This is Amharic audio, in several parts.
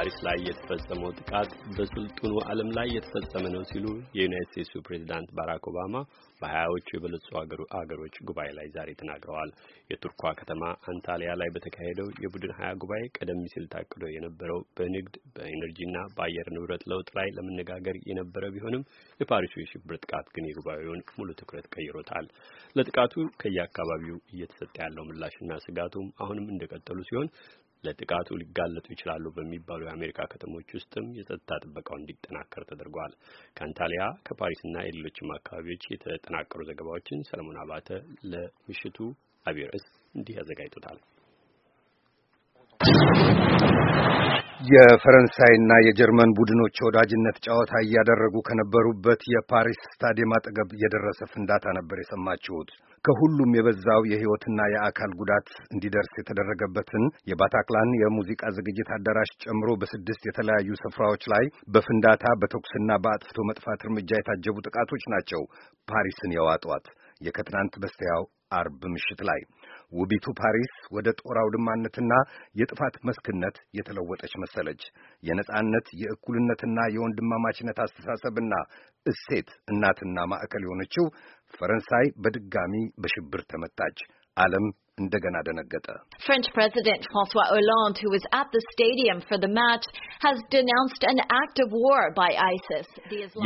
ፓሪስ ላይ የተፈጸመው ጥቃት በስልጡኑ ዓለም ላይ የተፈጸመ ነው ሲሉ የዩናይት ስቴትሱ ፕሬዚዳንት ባራክ ኦባማ በሀያዎቹ የበለጹ አገሮች ጉባኤ ላይ ዛሬ ተናግረዋል። የቱርኳ ከተማ አንታሊያ ላይ በተካሄደው የቡድን ሀያ ጉባኤ ቀደም ሲል ታቅዶ የነበረው በንግድ በኤነርጂና በአየር ንብረት ለውጥ ላይ ለመነጋገር የነበረ ቢሆንም የፓሪሱ የሽብር ጥቃት ግን የጉባኤውን ሙሉ ትኩረት ቀይሮታል። ለጥቃቱ ከየአካባቢው እየተሰጠ ያለው ምላሽና ስጋቱም አሁንም እንደቀጠሉ ሲሆን ለጥቃቱ ሊጋለጡ ይችላሉ በሚባሉ የአሜሪካ ከተሞች ውስጥም የጸጥታ ጥበቃው እንዲጠናከር ተደርጓል። ከአንታሊያ ከፓሪስና የሌሎችም አካባቢዎች የተጠናቀሩ ዘገባዎችን ሰለሞን አባተ ለምሽቱ አብይ ርዕስ እንዲህ ያዘጋጅቶታል። የፈረንሳይና የጀርመን ቡድኖች የወዳጅነት ጨዋታ እያደረጉ ከነበሩበት የፓሪስ ስታዲየም አጠገብ የደረሰ ፍንዳታ ነበር የሰማችሁት። ከሁሉም የበዛው የሕይወትና የአካል ጉዳት እንዲደርስ የተደረገበትን የባታክላን የሙዚቃ ዝግጅት አዳራሽ ጨምሮ በስድስት የተለያዩ ስፍራዎች ላይ በፍንዳታ በተኩስና በአጥፍቶ መጥፋት እርምጃ የታጀቡ ጥቃቶች ናቸው ፓሪስን የዋጧት። የከትናንት በስቲያው አርብ ምሽት ላይ ውቢቱ ፓሪስ ወደ ጦር አውድማነትና የጥፋት መስክነት የተለወጠች መሰለች። የነጻነት የእኩልነትና የወንድማማችነት አስተሳሰብና እሴት እናትና ማዕከል የሆነችው ፈረንሳይ በድጋሚ በሽብር ተመታች። ዓለም እንደገና ደነገጠ። ፍሬንች ፕሬዚደንት François ኦላንድ who was at the stadium for the match has denounced an act of war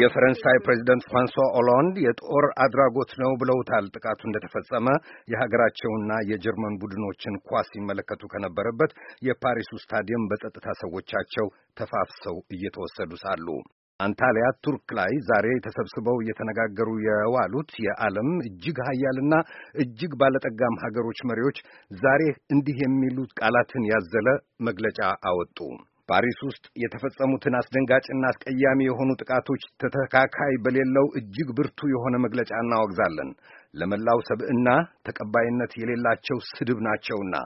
የፈረንሳይ ፕሬዚደንት ፍራንሷ ኦላንድ የጦር አድራጎት ነው ብለውታል። ጥቃቱ እንደተፈጸመ የሀገራቸውና የጀርመን ቡድኖችን ኳስ ሲመለከቱ ከነበረበት የፓሪሱ ስታዲየም በጸጥታ ሰዎቻቸው ተፋፍሰው እየተወሰዱ ሳሉ አንታሊያ ቱርክ ላይ ዛሬ ተሰብስበው እየተነጋገሩ የዋሉት የዓለም እጅግ ሀያልና እጅግ ባለጠጋም ሀገሮች መሪዎች ዛሬ እንዲህ የሚሉት ቃላትን ያዘለ መግለጫ አወጡ። ፓሪስ ውስጥ የተፈጸሙትን አስደንጋጭና አስቀያሚ የሆኑ ጥቃቶች ተተካካይ በሌለው እጅግ ብርቱ የሆነ መግለጫ እናወግዛለን። ለመላው ሰብዕና ተቀባይነት የሌላቸው ስድብ ናቸውና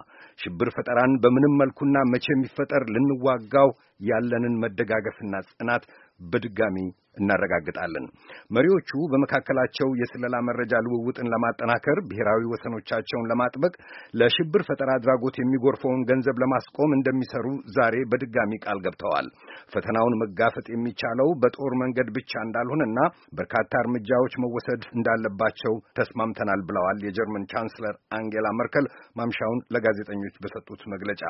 ሽብር ፈጠራን በምንም መልኩና መቼ የሚፈጠር ልንዋጋው ያለንን መደጋገፍና ጽናት በድጋሚ እናረጋግጣለን። መሪዎቹ በመካከላቸው የስለላ መረጃ ልውውጥን ለማጠናከር፣ ብሔራዊ ወሰኖቻቸውን ለማጥበቅ፣ ለሽብር ፈጠራ አድራጎት የሚጎርፈውን ገንዘብ ለማስቆም እንደሚሰሩ ዛሬ በድጋሚ ቃል ገብተዋል። ፈተናውን መጋፈጥ የሚቻለው በጦር መንገድ ብቻ እንዳልሆነና በርካታ እርምጃዎች መወሰድ እንዳለባቸው ተስማምተናል ብለዋል የጀርመን ቻንስለር አንጌላ መርከል ማምሻውን ለጋዜጠኞች በሰጡት መግለጫ።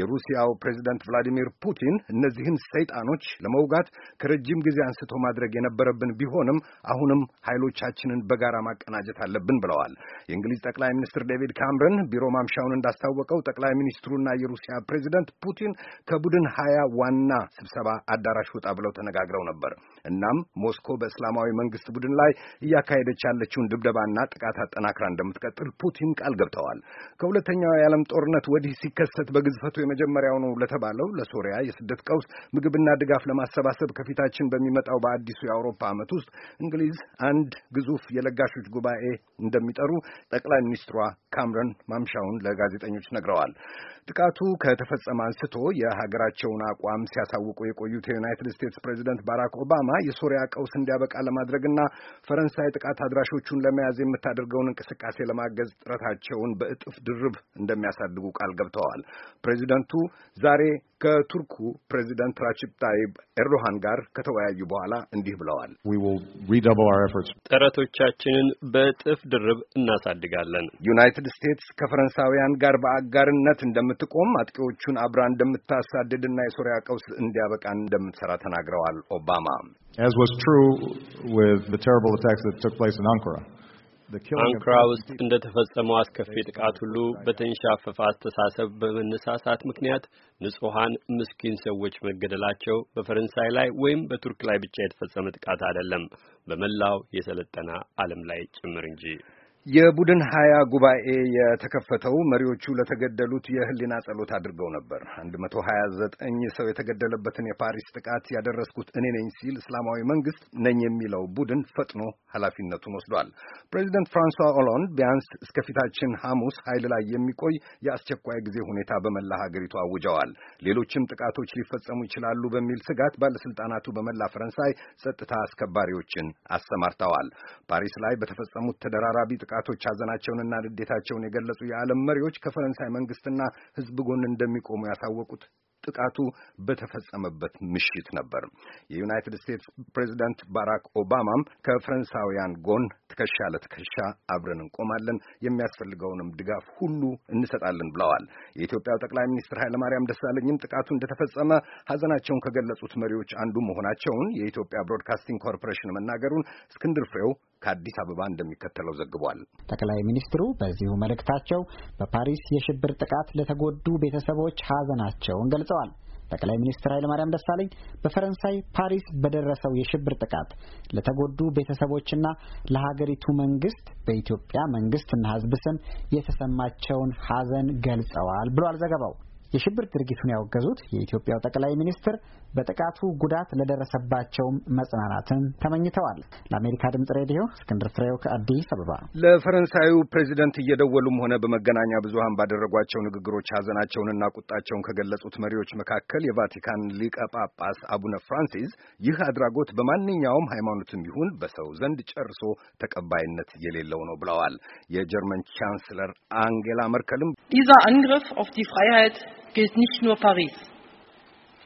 የሩሲያው ፕሬዚደንት ቭላዲሚር ፑቲን እነዚህን ሰይጣኖች ለመውጋት ከረጅም ጊዜ አንስቶ ማድረግ የነበረብን ቢሆንም አሁንም ኃይሎቻችንን በጋራ ማቀናጀት አለብን ብለዋል። የእንግሊዝ ጠቅላይ ሚኒስትር ዴቪድ ካምረን ቢሮ ማምሻውን እንዳስታወቀው ጠቅላይ ሚኒስትሩና የሩሲያ ፕሬዚደንት ፑቲን ከቡድን ሀያ ዋና ስብሰባ አዳራሽ ወጣ ብለው ተነጋግረው ነበር። እናም ሞስኮ በእስላማዊ መንግስት ቡድን ላይ እያካሄደች ያለችውን ድብደባና ጥቃት አጠናክራ እንደምትቀጥል ፑቲን ቃል ገብተዋል። ከሁለተኛው የዓለም ጦርነት ወዲህ ሲከሰት በግዝፈቱ የመጀመሪያው ነው ለተባለው ለሶሪያ የስደት ቀውስ ምግብና ድጋፍ ለማሰባሰብ ከፊታችን በሚመጣው በ በአዲሱ የአውሮፓ ዓመት ውስጥ እንግሊዝ አንድ ግዙፍ የለጋሾች ጉባኤ እንደሚጠሩ ጠቅላይ ሚኒስትሯ ካምረን ማምሻውን ለጋዜጠኞች ነግረዋል። ጥቃቱ ከተፈጸመ አንስቶ የሀገራቸውን አቋም ሲያሳውቁ የቆዩት የዩናይትድ ስቴትስ ፕሬዚደንት ባራክ ኦባማ የሶሪያ ቀውስ እንዲያበቃ ለማድረግና ፈረንሳይ ጥቃት አድራሾቹን ለመያዝ የምታደርገውን እንቅስቃሴ ለማገዝ ጥረታቸውን በእጥፍ ድርብ እንደሚያሳድጉ ቃል ገብተዋል። ፕሬዚደንቱ ዛሬ ከቱርኩ ፕሬዚዳንት ራችብ ጣይብ ኤርዶሃን ጋር ከተወያዩ በኋላ እንዲህ ብለዋል። ጥረቶቻችንን በእጥፍ ድርብ እናሳድጋለን። ዩናይትድ ስቴትስ ከፈረንሳውያን ጋር በአጋርነት እንደምትቆም፣ አጥቂዎቹን አብራ እንደምታሳድድና የሶሪያ ቀውስ እንዲያበቃ እንደምትሰራ ተናግረዋል ኦባማ as was true with the terrible attacks that took place in Ankara. አንክራ ውስጥ እንደተፈጸመው አስከፊ ጥቃት ሁሉ በተንሻፈፈ አስተሳሰብ በመነሳሳት ምክንያት ንጹሐን ምስኪን ሰዎች መገደላቸው በፈረንሳይ ላይ ወይም በቱርክ ላይ ብቻ የተፈጸመ ጥቃት አይደለም፣ በመላው የሰለጠነ ዓለም ላይ ጭምር እንጂ። የቡድን ሀያ ጉባኤ የተከፈተው መሪዎቹ ለተገደሉት የህሊና ጸሎት አድርገው ነበር። አንድ መቶ ሀያ ዘጠኝ ሰው የተገደለበትን የፓሪስ ጥቃት ያደረስኩት እኔ ነኝ ሲል እስላማዊ መንግስት ነኝ የሚለው ቡድን ፈጥኖ ኃላፊነቱን ወስዷል። ፕሬዚደንት ፍራንሷ ኦላንድ ቢያንስ እስከፊታችን ሐሙስ ኃይል ላይ የሚቆይ የአስቸኳይ ጊዜ ሁኔታ በመላ ሀገሪቱ አውጀዋል። ሌሎችም ጥቃቶች ሊፈጸሙ ይችላሉ በሚል ስጋት ባለስልጣናቱ በመላ ፈረንሳይ ጸጥታ አስከባሪዎችን አሰማርተዋል። ፓሪስ ላይ በተፈጸሙት ተደራራቢ ጥቃ ጥቃቶች ሐዘናቸውንና ንዴታቸውን የገለጹ የዓለም መሪዎች ከፈረንሳይ መንግስትና ህዝብ ጎን እንደሚቆሙ ያሳወቁት ጥቃቱ በተፈጸመበት ምሽት ነበር። የዩናይትድ ስቴትስ ፕሬዚዳንት ባራክ ኦባማም ከፈረንሳውያን ጎን ትከሻ ለትከሻ አብረን እንቆማለን፣ የሚያስፈልገውንም ድጋፍ ሁሉ እንሰጣለን ብለዋል። የኢትዮጵያው ጠቅላይ ሚኒስትር ኃይለማርያም ደሳለኝም ጥቃቱ እንደተፈጸመ ሐዘናቸውን ከገለጹት መሪዎች አንዱ መሆናቸውን የኢትዮጵያ ብሮድካስቲንግ ኮርፖሬሽን መናገሩን እስክንድር ፍሬው ከአዲስ አበባ እንደሚከተለው ዘግቧል። ጠቅላይ ሚኒስትሩ በዚሁ መልእክታቸው በፓሪስ የሽብር ጥቃት ለተጎዱ ቤተሰቦች ሀዘናቸውን ገልጸዋል። ጠቅላይ ሚኒስትር ኃይለማርያም ደሳለኝ በፈረንሳይ ፓሪስ በደረሰው የሽብር ጥቃት ለተጎዱ ቤተሰቦችና ለሀገሪቱ መንግስት በኢትዮጵያ መንግስትና ሕዝብ ስም የተሰማቸውን ሀዘን ገልጸዋል ብሏል ዘገባው። የሽብር ድርጊቱን ያወገዙት የኢትዮጵያው ጠቅላይ ሚኒስትር በጥቃቱ ጉዳት ለደረሰባቸውም መጽናናትን ተመኝተዋል። ለአሜሪካ ድምጽ ሬዲዮ እስክንድር ፍሬው ከአዲስ አበባ። ለፈረንሳዩ ፕሬዚደንት እየደወሉም ሆነ በመገናኛ ብዙሃን ባደረጓቸው ንግግሮች ሀዘናቸውንና ቁጣቸውን ከገለጹት መሪዎች መካከል የቫቲካን ሊቀ ጳጳስ አቡነ ፍራንሲስ ይህ አድራጎት በማንኛውም ሃይማኖትም ይሁን በሰው ዘንድ ጨርሶ ተቀባይነት የሌለው ነው ብለዋል። የጀርመን ቻንስለር አንጌላ መርከልም ዲዛ አንግረፍ ኦፍ ዲ ፍራይሃይት gilt nicht nur Paris.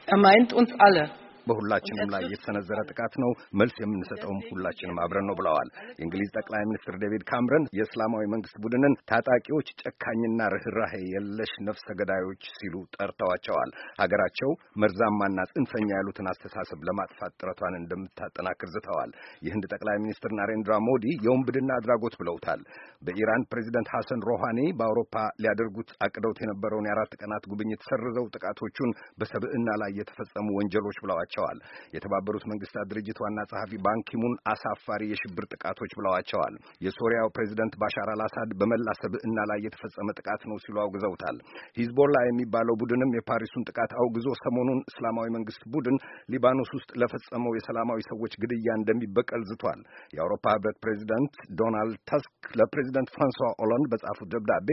Er meint uns alle. በሁላችንም ላይ የተሰነዘረ ጥቃት ነው። መልስ የምንሰጠውም ሁላችንም አብረን ነው ብለዋል። የእንግሊዝ ጠቅላይ ሚኒስትር ዴቪድ ካምረን የእስላማዊ መንግስት ቡድንን ታጣቂዎች ጨካኝና ርኅራሄ የለሽ ነፍሰ ገዳዮች ሲሉ ጠርተዋቸዋል። ሀገራቸው መርዛማና ጽንፈኛ ያሉትን አስተሳሰብ ለማጥፋት ጥረቷን እንደምታጠናክር ዝተዋል። የህንድ ጠቅላይ ሚኒስትር ናሬንድራ ሞዲ የወንብድና አድራጎት ብለውታል። በኢራን ፕሬዚደንት ሐሰን ሮሃኒ በአውሮፓ ሊያደርጉት አቅደውት የነበረውን የአራት ቀናት ጉብኝት ሰርዘው ጥቃቶቹን በሰብዕና ላይ የተፈጸሙ ወንጀሎች ብለዋቸው ብለዋቸዋል። የተባበሩት መንግስታት ድርጅት ዋና ጸሐፊ ባንኪሙን አሳፋሪ የሽብር ጥቃቶች ብለዋቸዋል። የሶሪያው ፕሬዚደንት ባሻር አልአሳድ በመላ ሰብዕና ላይ የተፈጸመ ጥቃት ነው ሲሉ አውግዘውታል። ሂዝቦላ የሚባለው ቡድንም የፓሪሱን ጥቃት አውግዞ ሰሞኑን እስላማዊ መንግስት ቡድን ሊባኖስ ውስጥ ለፈጸመው የሰላማዊ ሰዎች ግድያ እንደሚበቀል ዝቷል። የአውሮፓ ህብረት ፕሬዚደንት ዶናልድ ተስክ ለፕሬዚደንት ፍራንሷ ኦላንድ በጻፉት ደብዳቤ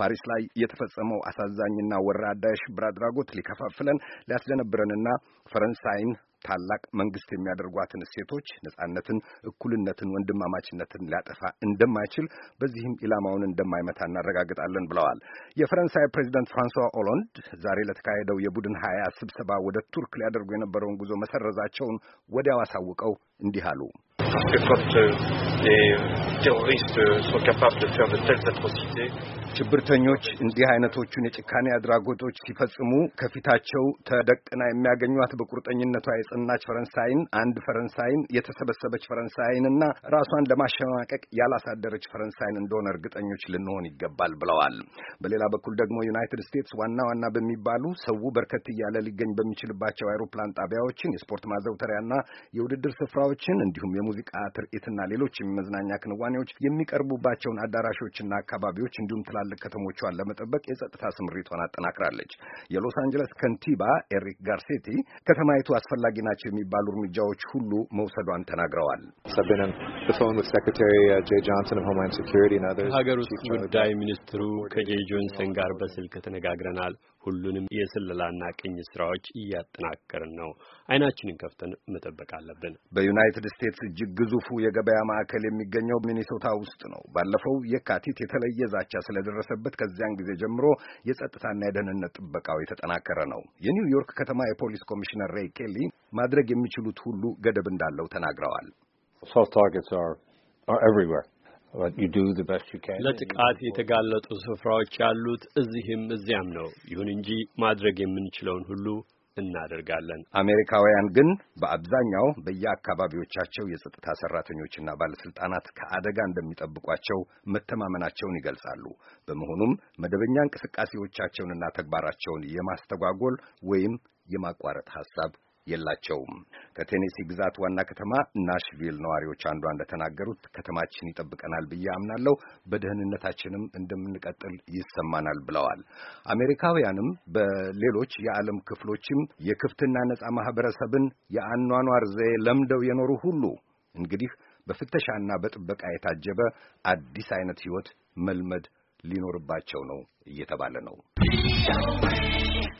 ፓሪስ ላይ የተፈጸመው አሳዛኝና ወራዳ የሽብር አድራጎት ሊከፋፍለን ሊያስደነብረንና ፈረንሳይ ታላቅ መንግስት የሚያደርጓትን እሴቶች ነጻነትን፣ እኩልነትን፣ ወንድማማችነትን ሊያጠፋ እንደማይችል በዚህም ኢላማውን እንደማይመታ እናረጋግጣለን ብለዋል። የፈረንሳይ ፕሬዚደንት ፍራንሷ ኦሎንድ ዛሬ ለተካሄደው የቡድን ሀያ ስብሰባ ወደ ቱርክ ሊያደርጉ የነበረውን ጉዞ መሰረዛቸውን ወዲያው አሳውቀው እንዲህ አሉ። les terroristes sont capables de faire de telles atrocités. ሽብርተኞች እንዲህ አይነቶቹን የጭካኔ አድራጎቶች ሲፈጽሙ ከፊታቸው ተደቅና የሚያገኟት በቁርጠኝነቷ የጸናች ፈረንሳይን፣ አንድ ፈረንሳይን፣ የተሰበሰበች ፈረንሳይን እና ራሷን ለማሸማቀቅ ያላሳደረች ፈረንሳይን እንደሆነ እርግጠኞች ልንሆን ይገባል ብለዋል። በሌላ በኩል ደግሞ ዩናይትድ ስቴትስ ዋና ዋና በሚባሉ ሰው በርከት እያለ ሊገኝ በሚችልባቸው አይሮፕላን ጣቢያዎችን፣ የስፖርት ማዘውተሪያና የውድድር ስፍራዎችን እንዲሁም የሙዚቃ ትርኢትና ሌሎች ወይም መዝናኛ ክንዋኔዎች የሚቀርቡባቸውን አዳራሾችና አካባቢዎች እንዲሁም ትላልቅ ከተሞቿን ለመጠበቅ የጸጥታ ስምሪቷን አጠናክራለች። የሎስ አንጀለስ ከንቲባ ኤሪክ ጋርሴቲ ከተማይቱ አስፈላጊ ናቸው የሚባሉ እርምጃዎች ሁሉ መውሰዷን ተናግረዋል። ሀገር ውስጥ ጉዳይ ሚኒስትሩ ከጄ ጆንሰን ጋር በስልክ ተነጋግረናል። ሁሉንም የስለላና ቅኝ ስራዎች እያጠናከርን ነው። አይናችንን ከፍተን መጠበቅ አለብን። በዩናይትድ ስቴትስ እጅግ ግዙፉ የገበያ ማዕከል መካከል የሚገኘው ሚኒሶታ ውስጥ ነው። ባለፈው የካቲት የተለየ ዛቻ ስለደረሰበት ከዚያን ጊዜ ጀምሮ የጸጥታና የደህንነት ጥበቃው የተጠናከረ ነው። የኒውዮርክ ከተማ የፖሊስ ኮሚሽነር ሬይ ኬሊ ማድረግ የሚችሉት ሁሉ ገደብ እንዳለው ተናግረዋል። ለጥቃት የተጋለጡ ስፍራዎች ያሉት እዚህም እዚያም ነው። ይሁን እንጂ ማድረግ የምንችለውን ሁሉ እናደርጋለን። አሜሪካውያን ግን በአብዛኛው በየአካባቢዎቻቸው የጸጥታ ሰራተኞችና ባለስልጣናት ከአደጋ እንደሚጠብቋቸው መተማመናቸውን ይገልጻሉ። በመሆኑም መደበኛ እንቅስቃሴዎቻቸውንና ተግባራቸውን የማስተጓጎል ወይም የማቋረጥ ሀሳብ። የላቸውም። ከቴኔሲ ግዛት ዋና ከተማ ናሽቪል ነዋሪዎች አንዷ እንደተናገሩት ከተማችን ይጠብቀናል ብዬ አምናለሁ፣ በደህንነታችንም እንደምንቀጥል ይሰማናል ብለዋል። አሜሪካውያንም በሌሎች የዓለም ክፍሎችም የክፍትና ነፃ ማህበረሰብን የአኗኗር ዘዬ ለምደው የኖሩ ሁሉ እንግዲህ በፍተሻና በጥበቃ የታጀበ አዲስ አይነት ህይወት መልመድ ሊኖርባቸው ነው እየተባለ ነው።